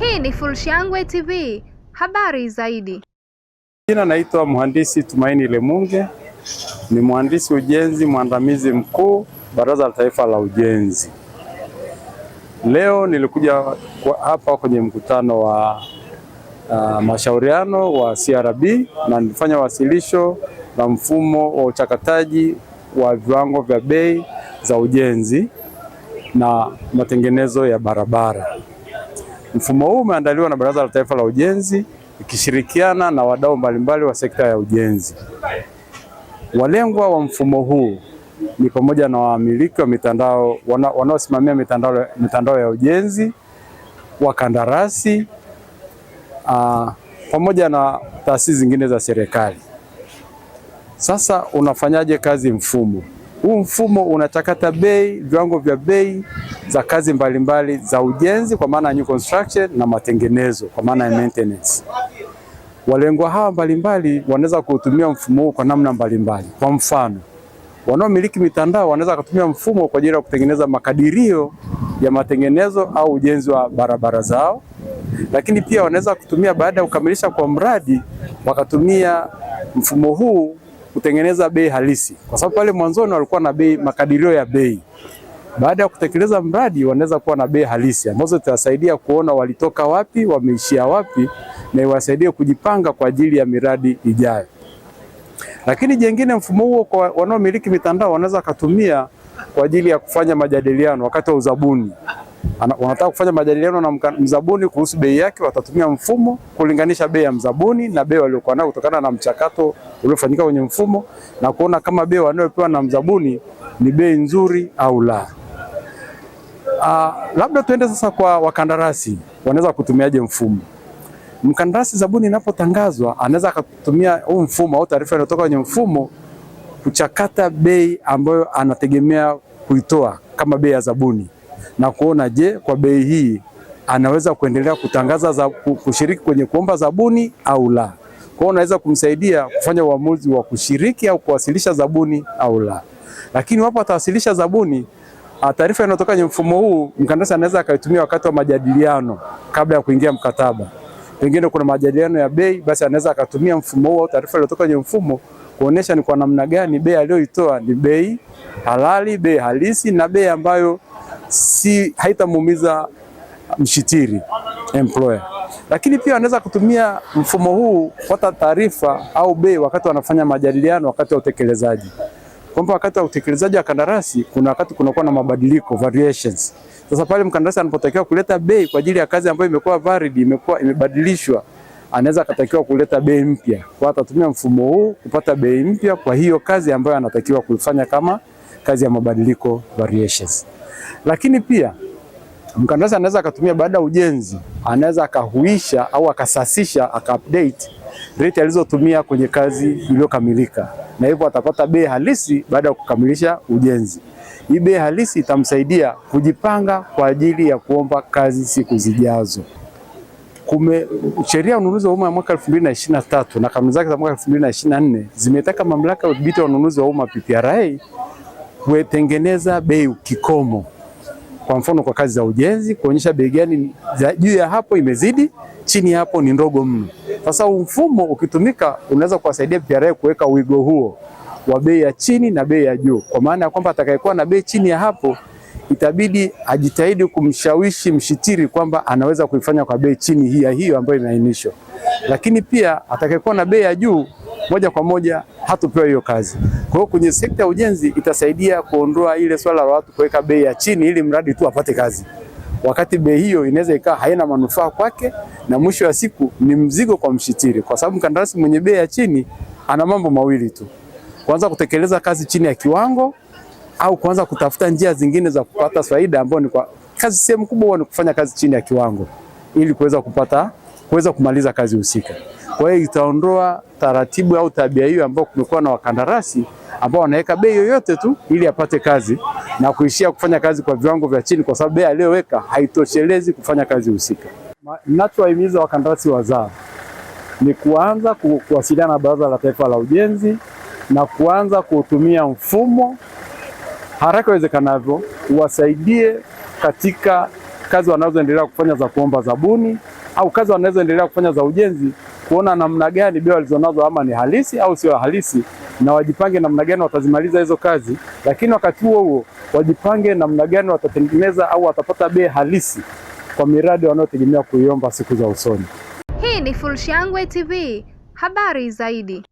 Hii ni Fullshangwe TV, habari zaidi. Jina naitwa Mhandisi Tumaini Lemunge, ni mhandisi ujenzi mwandamizi mkuu Baraza la Taifa la Ujenzi. Leo nilikuja hapa kwenye mkutano wa uh, mashauriano wa CRB na nilifanya wasilisho la mfumo wa uchakataji wa viwango vya bei za ujenzi na matengenezo ya barabara. Mfumo huu umeandaliwa na Baraza la Taifa la Ujenzi ikishirikiana na wadau mbalimbali wa sekta ya ujenzi. Walengwa wa mfumo huu ni pamoja na wamiliki wa mitandao wanaosimamia mitandao, mitandao ya ujenzi, wakandarasi uh, pamoja na taasisi zingine za serikali. Sasa unafanyaje kazi mfumo huu? Mfumo unachakata bei, viwango vya bei za kazi mbalimbali mbali za ujenzi kwa maana new construction na matengenezo kwa maana ya maintenance. Walengwa hawa mbalimbali wanaweza kuutumia mfumo huu kwa namna mbalimbali Kwa mfano wanaomiliki mitandao wanaweza kutumia mfumo kwa ajili ya kutengeneza makadirio ya matengenezo au ujenzi wa barabara zao, lakini pia wanaweza kutumia baada ya kukamilisha kwa mradi, wakatumia mfumo huu kutengeneza bei halisi, kwa sababu pale mwanzoni walikuwa na bei makadirio ya bei baada ya kutekeleza mradi, wanaweza kuwa na bei halisi ambazo itawasaidia kuona walitoka wapi, wameishia wapi, na iwasaidie kujipanga kwa ajili ya miradi ijayo. Lakini jengine, mfumo huo kwa wanaomiliki mitandao wanaweza kutumia kwa ajili ya kufanya majadiliano wakati wa uzabuni. Wanataka kufanya majadiliano na mzabuni kuhusu bei yake, watatumia mfumo kulinganisha bei ya mzabuni na bei waliokuwa nayo kutokana na mchakato uliofanyika kwenye mfumo na kuona kama bei wanayopewa na mzabuni ni bei nzuri au la. Uh, labda tuende sasa kwa wakandarasi, wanaweza kutumiaje mfumo? Mkandarasi zabuni inapotangazwa anaweza akatumia huu mfumo au taarifa inayotoka kwenye mfumo kuchakata bei ambayo anategemea kuitoa kama bei ya zabuni na kuona je, kwa bei hii anaweza kuendelea kutangaza za, kushiriki kwenye kuomba zabuni au la. Kwa hiyo unaweza kumsaidia kufanya uamuzi wa kushiriki au kuwasilisha zabuni au la. Lakini wapo atawasilisha zabuni Ah, taarifa inayotoka kwenye mfumo huu mkandarasi anaweza akaitumia wakati wa majadiliano kabla ya kuingia mkataba. Pengine kuna majadiliano ya bei, basi anaweza akatumia mfumo huu au taarifa iliyotoka kwenye mfumo kuonesha ni kwa namna gani bei aliyoitoa ni bei halali, bei halisi na bei ambayo si haitamuumiza mshitiri employer. Lakini pia anaweza kutumia mfumo huu kupata taarifa au bei wakati wanafanya majadiliano wakati wa utekelezaji kwamba wakati wa utekelezaji wa kandarasi kuna wakati kunakuwa na mabadiliko variations. Sasa pale mkandarasi anapotakiwa kuleta bei kwa ajili ya kazi ambayo imekuwa valid, imekuwa imebadilishwa, anaweza akatakiwa kuleta bei mpya, kwa atatumia mfumo huu kupata bei mpya kwa hiyo kazi ambayo anatakiwa kuifanya kama kazi ya mabadiliko variations. Lakini pia mkandarasi anaweza akatumia baada ya ujenzi, anaweza akahuisha au akasasisha aka update rate alizotumia kwenye kazi iliyokamilika na hivyo atapata bei halisi baada ya kukamilisha ujenzi. Hii bei halisi itamsaidia kujipanga kwa ajili ya kuomba kazi siku zijazo. Kume sheria ya ununuzi wa umma ya mwaka 2023 na kanuni zake za mwaka 2024 zimetaka mamlaka ya udhibiti wa ununuzi wa umma PPRA kutengeneza bei kikomo kwa mfano kwa kazi za ujenzi kuonyesha bei gani juu ya hapo imezidi, chini ya hapo ni ndogo mno. Sasa mfumo ukitumika unaweza kuwasaidia PRA kuweka wigo huo wa bei ya chini na bei ya juu, kwa maana ya kwamba atakayekuwa na bei chini ya hapo itabidi ajitahidi kumshawishi mshitiri kwamba anaweza kuifanya kwa bei chini ya hiyo ambayo imeainishwa, lakini pia atakayekuwa na bei ya juu moja kwa moja hatupewa hiyo kazi. Kwa hiyo kwenye sekta ya ujenzi itasaidia kuondoa ile swala la watu kuweka bei ya chini ili mradi tu apate kazi wakati bei hiyo inaweza ikawa haina manufaa kwake, na mwisho wa siku ni mzigo kwa mshitiri, kwa sababu mkandarasi mwenye bei ya chini ana mambo mawili tu: kwanza kutekeleza kazi chini ya kiwango, au kuanza kutafuta njia zingine za kupata faida, ambayo ni kwa kazi sehemu kubwa ni kufanya kazi chini ya kiwango ili kuweza kupata kuweza kumaliza kazi husika. Kwa hiyo itaondoa taratibu au tabia hiyo ambayo kumekuwa na wakandarasi ambao anaweka bei yoyote tu ili apate kazi na kuishia kufanya kazi kwa viwango vya chini, kwa sababu bei aliyoweka haitoshelezi kufanya kazi husika. Ninachowahimiza wakandarasi wazao ni kuanza kuwasiliana na Baraza la Taifa la Ujenzi na kuanza kuutumia mfumo haraka iwezekanavyo, uwasaidie katika kazi wanazoendelea kufanya za kuomba zabuni au kazi wanazoendelea kufanya za ujenzi, kuona namna gani bei walizonazo ama ni halisi au sio halisi, na wajipange namna gani watazimaliza hizo kazi, lakini wakati huo huo wajipange namna gani watatengeneza au watapata bei halisi kwa miradi wanayotegemea kuiomba siku za usoni. Hii ni Fullshangwe TV, habari zaidi.